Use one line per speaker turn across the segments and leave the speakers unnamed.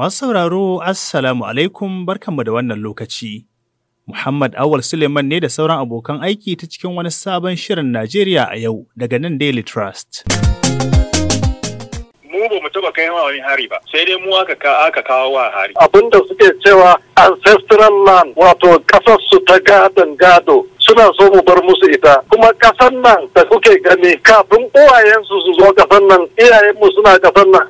Masu sauraro, Assalamu alaikum barkanmu da wannan lokaci. Muhammad Awal Suleiman ne da sauran abokan aiki ta cikin wani sabon shirin Najeriya a yau daga nan Daily Trust.
Mu ba mu taba kai ma wani hari ba, sai dai mu aka kawo wa hari. Abin da suke cewa ancestral land
wato kasar su ta gadon gado suna so mu bar musu ita kuma kasan nan da kuke gani kafin uwayensu su zo kasan nan iyayenmu suna kasan nan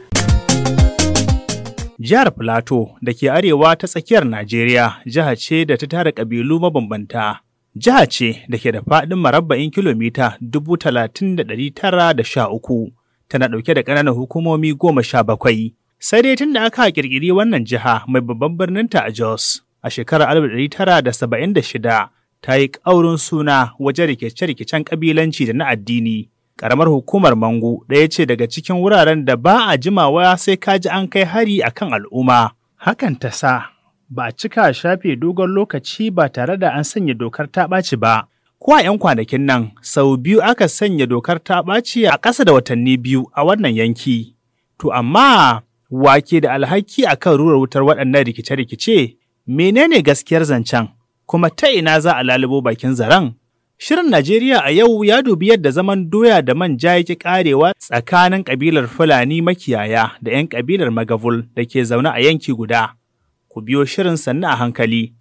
Jihar Filato da ke arewa ta tsakiyar Najeriya jiha ce da ta tara ƙabilu mabambanta. Jiha ce da ke da faɗin marabba'in kilomita dubu talatin da ɗari tara da sha uku, tana ɗauke da ƙananan hukumomi goma sha bakwai. Sai dai tun da aka ƙirƙiri wannan jiha mai babban birninta a Jos a shekarar 1976 ta yi ƙaurin suna wajen rikice-rikicen ƙabilanci da na addini. Karamar hukumar Mangu ɗaya ce daga cikin wuraren da ba a jimawa sai kaji an kai hari a kan al'umma. Hakan ta sa ba a cika shafe dogon lokaci ba tare da an sanya dokar ta ɓaci ba. Ko a 'yan kwanakin nan sau biyu aka sanya dokar ta ɓaci a ƙasa da watanni biyu a wannan yanki. To amma wake da alhaki a kan rurar wutar waɗannan rikice-rikice menene gaskiyar zancen? kuma ta ina za a lalubo bakin zaren Shirin Najeriya a yau ya dubi yadda zaman doya da manja yake karewa tsakanin kabilar Fulani makiyaya da 'yan kabilar Magavul da ke zaune a yanki guda. Ku biyo shirin sannu a hankali.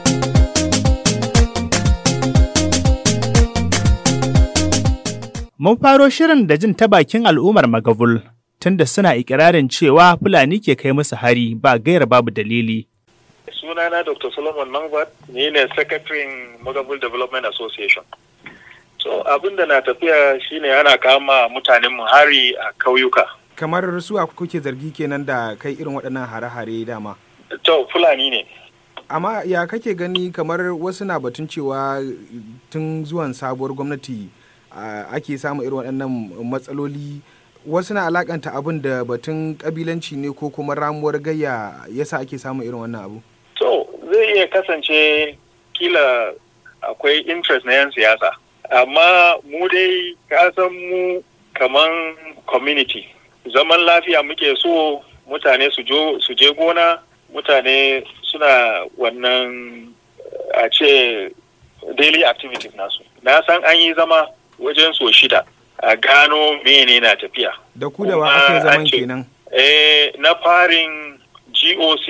Mun faro shirin da jin ta bakin al'ummar Magavul, tunda suna ikirarin cewa Fulani ke kai musu hari ba gayar babu dalili.
Sunana Dr. Solomon Mangbad, ni ne Secretary Magavul Development Association. So, abin da na tafiya shine ana kama mutanen mu hari a kauyuka.
Kamar su a kuke zargi kenan da kai irin waɗannan hare-hare dama.
To Fulani ne.
Amma ya kake gani kamar wasu na batun cewa tun zuwan sabuwar gwamnati ake samun irin waɗannan matsaloli wasu na alakanta abin da batun kabilanci ne ko kuma ramuwar gayya yasa ake samun irin wannan abu.
To zai iya kasance kila akwai interest na 'yan siyasa. amma mu dai kasan mu kaman community zaman lafiya muke so mutane su je gona mutane suna wannan a ce daily activities nasu na san an yi zama wajen so shida a gano mene na tafiya
da ku da wa ake zaman kenan
eh na farin GOC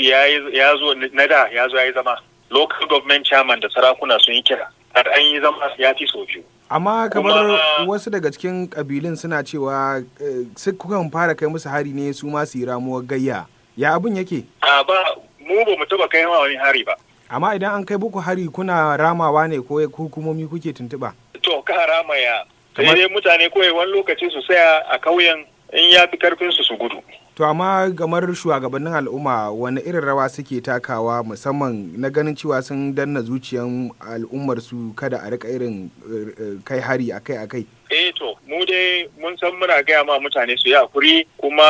ya zo na da ya zo ya yi zama local government chairman da sarakuna sun yi kira har an yi zama ya sau biyu
amma kamar ah, wasu daga cikin kabilun suna cewa eh, su kukan fara kai musu hari ne su ma su yi ramuwar gayya ya abin yake
a ba mu ba mu taba kai wani hari ba
amma idan an kai buku hari kuna ramawa ne ko hukumomi kuke tuntuba
to ka rama ya Kamar mutane kawai wani lokaci su saya a kauyen in ya fi karfin su su gudu
to amma gamar shugabannin al'umma wani irin rawa suke takawa musamman na ganin cewa sun danna zuciyan al'ummar su kada a rika irin eh, eh, kai hari akai akai
eh to mu dai mun san muna gaya ma mutane su yi hakuri kuma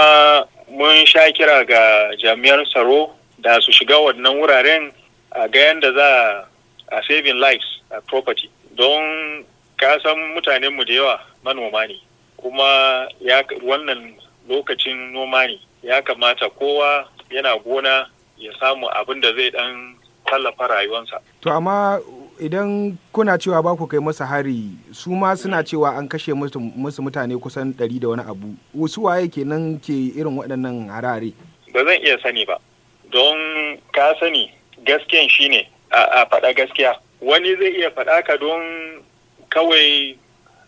mun sha kira ga jami'an tsaro da su shiga wannan wuraren a ga yadda za a saving lives a property don ka san mutanenmu da yawa manoma ne kuma ya wannan lokacin noma ne ya kamata kowa yana gona ya samu abin da zai dan tallafa rayuwansa
To amma idan kuna cewa ba ku kai masa hari su ma suna mm. cewa an kashe musu mutane kusan ɗari da wani abu wasu waye kenan ke irin waɗannan harare.
Ba zan iya sani ba don ka sani gaskiyan shine a faɗa gaskiya wani zai iya faɗa ka don kawai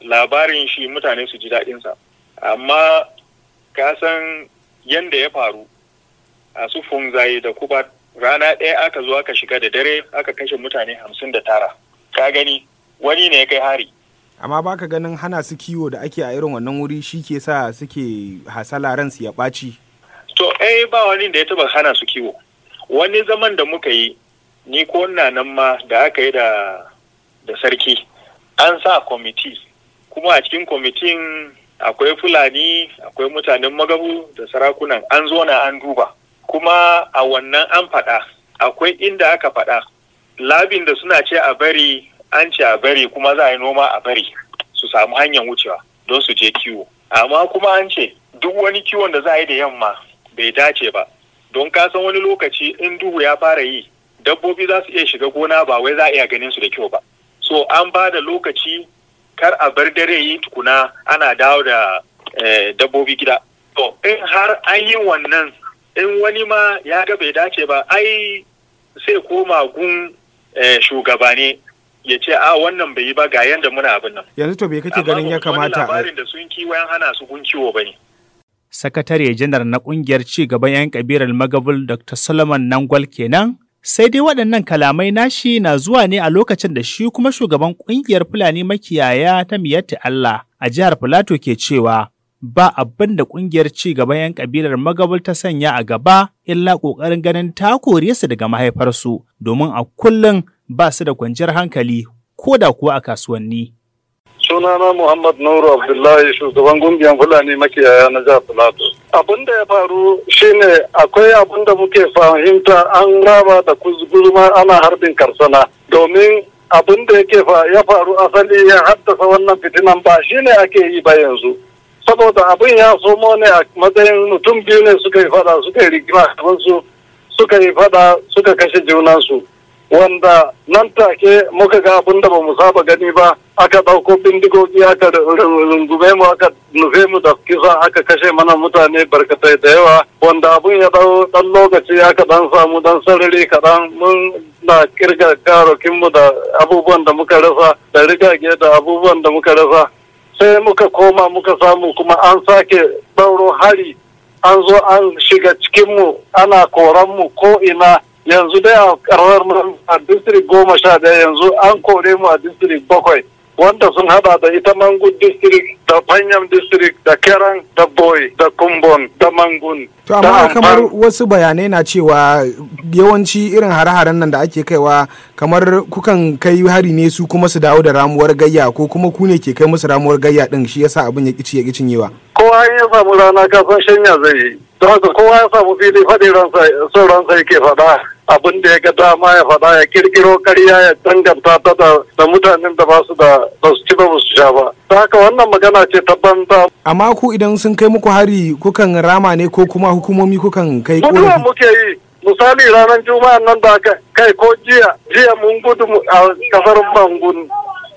labarin shi mutane su ji daɗinsa amma ka san yanda ya faru a sufun zai da kuba rana ɗaya aka zo aka shiga da dare aka kashe mutane hamsin da tara ka gani wani ne ya kai hari
amma baka ganin hana su kiwo da ake a irin wannan wuri shi ke sa suke hasala ransu ya ɓaci
to eh ba wani da ya taba hana su kiwo wani zaman da muka yi ni ko nan ma da aka yi da da sarki an sa kwamiti kuma a cikin kwamitin akwai fulani akwai mutanen magabu da sarakunan an zo na an duba kuma a wannan an faɗa akwai inda aka faɗa labin da suna ce a bari an ce a bari kuma za a yi noma a bari su samu hanyar wucewa don su je kiwo amma kuma an ce duk wani kiwon da za a yi da yamma bai dace ba don ka san wani lokaci in duhu ya fara yi dabbobi za su iya shiga gona ba wai za a iya ganin su da kyau ba so an ba da lokaci kar a bar dare yi tukuna ana dawo da eh, dabbobi gida to in har an yi wannan in wani ma ya ga bai dace ba ai sai koma gun eh, shugabane ya ce a wannan bai yi ba ga yanda muna abin nan
yanzu to bai kake
ganin ya kamata amma labarin
da sun kiwayen hana su gun kiwo ne.
sakatare janar na kungiyar ci gaban 'yan kabilar magabul dr solomon nangwal kenan Sai dai waɗannan kalamai nashi na zuwa ne a lokacin da shi kuma shugaban ƙungiyar Fulani makiyaya ta Miyatti Allah a jihar Filato ke cewa ba abin da ƙungiyar ci gaban 'yan kabilar magabul ta sanya a gaba illa ƙoƙarin ganin ta kore su daga mahaifarsu domin a kullum ba su da kwanciyar hankali ko da kuwa a kasuwanni.
sunana Muhammad Nuru Abdullahi shugaban gungiyar Fulani makiyaya na jihar Filato. Abin da ya faru shine akwai abin da muke fahimta an raba da kuzgurma ana harbin karsana domin abin da yake ya faru asali ya haddasa wannan fitinan ba shine ake yi ba yanzu. Saboda abin ya somo ne a matsayin mutum biyu ne suka yi fada suka yi rigima su suka yi fada suka kashe junansu. wanda nan take muka ga abin da ba mu saba gani ba aka ɗauko bindigogi aka rungume mu aka nufe mu da kisa aka kashe mana mutane barkatai da yawa wanda abin ya ɗau ɗan lokaci aka ɗan samu ɗan sarari kaɗan mun na kirga karokinmu da abubuwan da muka rasa da rigage da abubuwan da muka rasa sai muka koma muka samu kuma an sake ɗauro hari an zo an shiga cikinmu ana koranmu ko ina yanzu da a karar nan a district goma sha daya yanzu an kore mu a district bakwai wanda sun hada da ita mangu district da fanyam district da keran da boy da kumbon da mangun
to amma kamar wasu bayanai na cewa yawanci irin hare-haren nan da ake kaiwa kamar kukan kai hari ne su kuma su dawo da ramuwar gayya ko kuma ku ne ke kai musu ramuwar gayya din shi yasa abin ya kici ya kicin
kowa in ya samu rana kasan shanya zai yi don haka kowa ya samu fili faɗi son ransa yake faɗa abin da ya ga dama ya faɗa ya kirkiro karya ya danganta ta da mutanen da ba su da ba su ci ba su sha ba ta haka wannan magana ce ta
banza. amma ku idan sun kai muku hari kukan rama ne ko kuma hukumomi kukan kai mutuwa
muke yi misali ranar juma'a nan da aka kai ko jiya jiya mun gudu a kasar bangun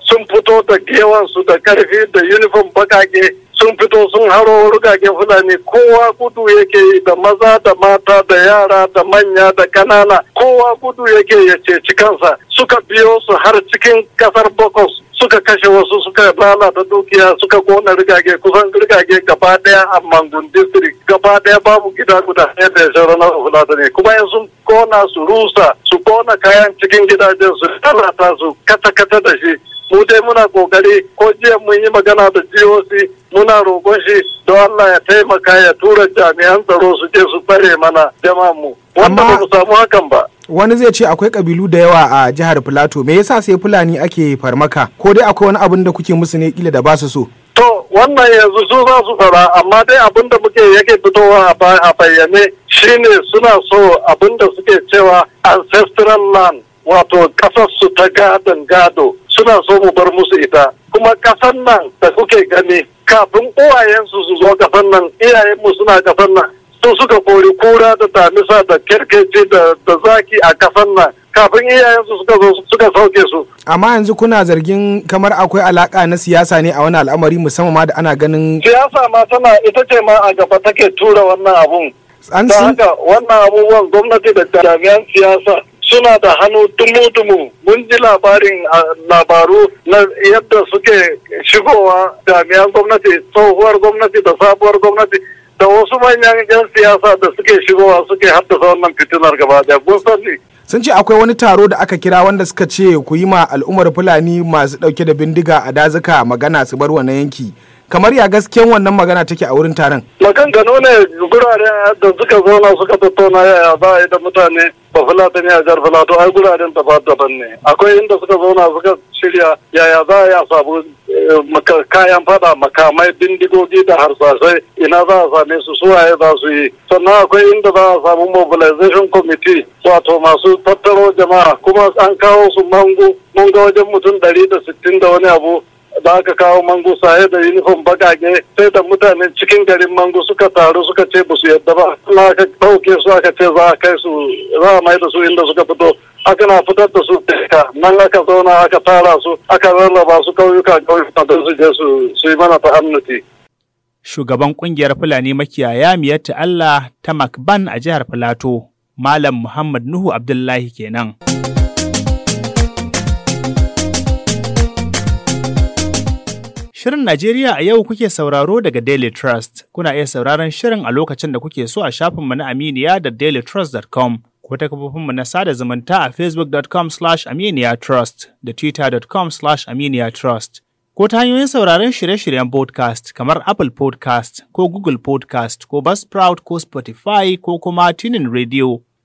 sun fito da kewansu da karfi da uniform bakake sun fito sun haro rugagen fulani kowa gudu yake yi da maza da mata da yara da manya da kanana kowa gudu yake ya ceci kansa suka biyo su har cikin kasar bokos suka kashe wasu suka lalata dukiya suka kona rigage kusan rigage gaba daya a mangun district gaba daya babu gida guda ɗaya da shauran fulata ne kuma yanzu sun kona su rusa su kona kayan cikin gidajen su lalata su kata kata da shi mu dai muna kokari ko jiya mun yi magana da GOC muna roƙon shi don Allah ya taimaka ya tura jami'an tsaro su je su bare mana jama'an mu wanda ba mu samu
hakan ba wani zai ce akwai kabilu da yawa a jihar Filato me yasa sai Fulani ake farmaka ko dai akwai wani abin da kuke musu ne kila da ba su so to wannan
yanzu su za su fara amma dai abin da muke yake fitowa a bayyane shine suna so abin da suke cewa ancestral land wato su ta gadon gado suna so mu bar musu ita kuma kasan nan da kuke gani kafin uwayensu su zo kasan nan iyayenmu suna kasan nan su suka kori kura da tamisa da kerkeci da zaki a kasan nan kafin iyayensu suka zo suka sauke
su. Amma yanzu kuna zargin kamar akwai alaka na siyasa ne a wani al'amari musamman ma da ana ganin. Siyasa ma tana ita ce ma a gaba take tura wannan abun. An haka
wannan abubuwan gwamnati da jami'an siyasa suna da hannu dumu-dumu mun ji labarin labaru na yadda suke shigowa jami'an gwamnati tsohuwar gwamnati da sabuwar gwamnati da wasu manyan 'yan siyasa da suke shigowa suke haddasa wannan fitilar gaba
da sani. sun ce akwai wani taro da aka kira wanda suka ce ku yi ma al'ummar fulani masu dauke da bindiga a dazuka magana su bar wani yanki kamar ya gaskiyan wannan magana take a wurin taron
gano ne gurare da suka zauna suka tattauna yaya za a yi da mutane ba ne a jar fulato ai guraren ba daban ne akwai inda suka zauna suka shirya yaya za a yi a samu eh, kayan fada makamai bindigogi da harsashai ina za a same su suwaye za su yi sannan akwai inda za a samu mobilization committee wato masu tattaro jama'a kuma an kawo su mango mun ga wajen mutum ɗari da sittin da wani abu ba ka kawo mango saye da uniform bagage sai da mutanen cikin garin mangu suka taru suka ce ba su yadda ba na ka dauke su aka ce za a kai su za a mai da su inda suka fito aka na fitar da su teka nan aka zauna aka tara su aka rarraba su kauyuka kauyuka don su je su su yi mana ta'annuti.
Shugaban kungiyar Fulani makiyaya miyar Allah ta Makban a jihar Filato, Malam Muhammad Nuhu Abdullahi kenan. Shirin Najeriya a yau kuke sauraro daga Daily Trust. Kuna iya sauraron shirin a lokacin da kuke so a shafinmu na Aminiya da dailytrust.com ko ta kafofinmu na sada zumunta a facebook.com aminiyatrust da twitter.com aminiyatrust. Ko ta hanyoyin sauraron shirye-shiryen podcast kamar Apple podcast ko Google podcast ko Buzzsprout ko Spotify ko kuma Tunin Radio.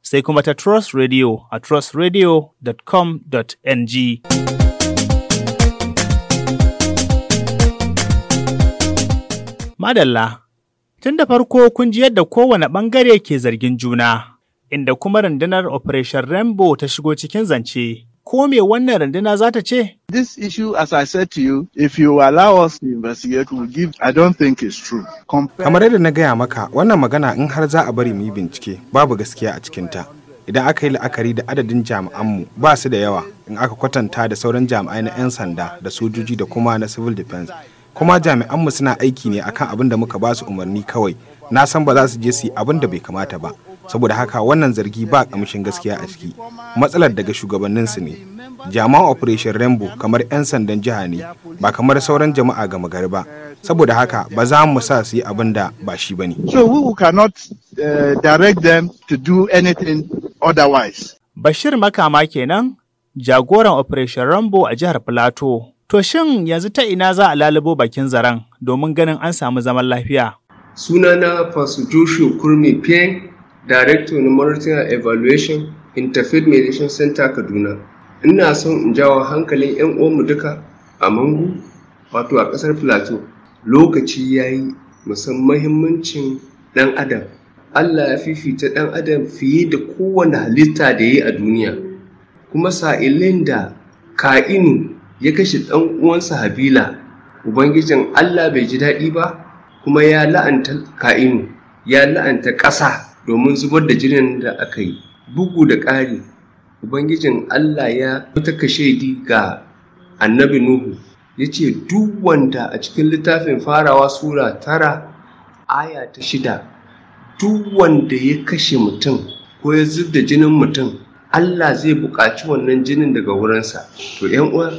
sai kuma ta Trust Radio a trustradio.com.ng. Madalla, tun da farko kun ji yadda kowane ɓangare ke zargin juna, inda kuma rundunar Operation Rainbow ta shigo cikin zance. ko me wannan runduna za ta ce? This issue, as I said to you, if you allow
us to investigate, we'll give, I don't think it's true. Kamar yadda na gaya maka, wannan magana in har za a bari mu yi bincike, babu gaskiya a cikinta. Idan aka yi la'akari da adadin jami'anmu ba su da yawa in aka kwatanta da sauran jami'ai na 'yan sanda da sojoji da kuma na civil defense. Kuma jami'anmu suna aiki ne akan abin da muka ba su umarni kawai. Na san ba za su je su yi abin da bai kamata ba. saboda haka wannan zargi ba kamshin gaskiya a ciki matsalar daga shugabanninsu ne Jama'a operation rainbow kamar 'yan sandan jiha ne ba kamar sauran jama'a ga magari ba saboda haka ba za mu sa su yi abin da ba shi ba ne so we cannot uh, direct them to do anything otherwise bashir makama
kenan jagoran operation Rambo a jihar plateau to shin yanzu ta ina za a lalubo bakin zaren domin ganin an samu zaman lafiya
sunana fasu joshua kurmi peng Darekto na Monitoring and Evaluation Interfaith Mediation Center Kaduna. Ina son in jawo hankalin 'yan mu duka a Mangu, wato a ƙasar Plateau. Lokaci ya yi musamman muhimmancin ɗan adam. Allah ya fifita ɗan adam fiye da kowane halitta da ya yi a duniya. Kuma sa'ilin da ka'inu ya kashe ɗan uwansa Habila, Ubangijin Allah bai ji daɗi ba, kuma ya la'anta ka'inu, ya la'anta ƙasa. domin zubar da jinin da aka yi bugu da ƙari ubangijin allah ya ta kashe di ga annabi nuhu ya ce duk wanda a cikin littafin farawa sura tara aya ta shida duk wanda ya kashe mutum ko ya zub da jinin mutum allah zai buƙaci wannan jinin daga wurinsa to yan uwar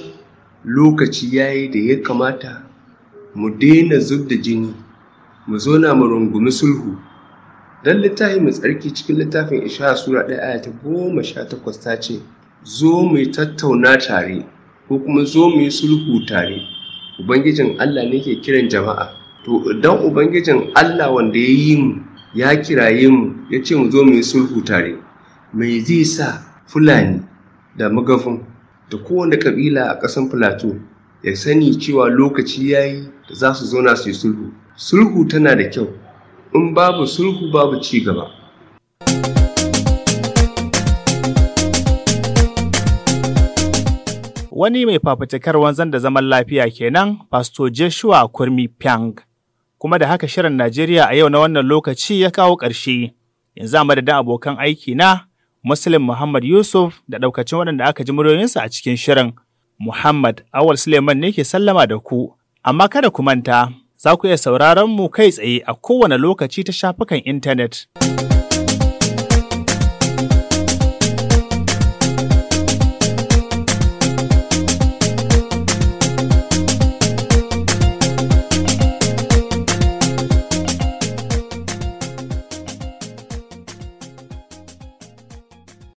lokaci ya yi da ya kamata mu daina zub da jini mu zo na mu rungumi sulhu dan littafi mai tsarki cikin littafin ishaya sura ɗaya aya ta goma sha takwas ta ce zo mu tattauna tare ko kuma zo mu yi sulhu tare ubangijin allah ne ke kiran jama'a to idan ubangijin allah wanda ya yi mu ya kiraye mu ya ce mu zo mu yi sulhu tare mai zai sa fulani da magafin da kowane kabila a ƙasan filato ya sani cewa lokaci ya yi da za su zauna su yi sulhu sulhu tana da kyau in babu sulhu babu ci gaba
wani mai fafutukar wanzan da zaman lafiya kenan pastor joshua kurmi pyang kuma da haka shirin najeriya a yau na wannan lokaci ya kawo ƙarshe yanzu a madadin abokan aiki na muslim muhammad yusuf da ɗaukacin waɗanda aka ji muryoyinsa a cikin shirin muhammad awal suleiman ne ke sallama da ku amma kada ku manta za ku iya sauraron mu kai tsaye a kowane lokaci ta shafukan intanet.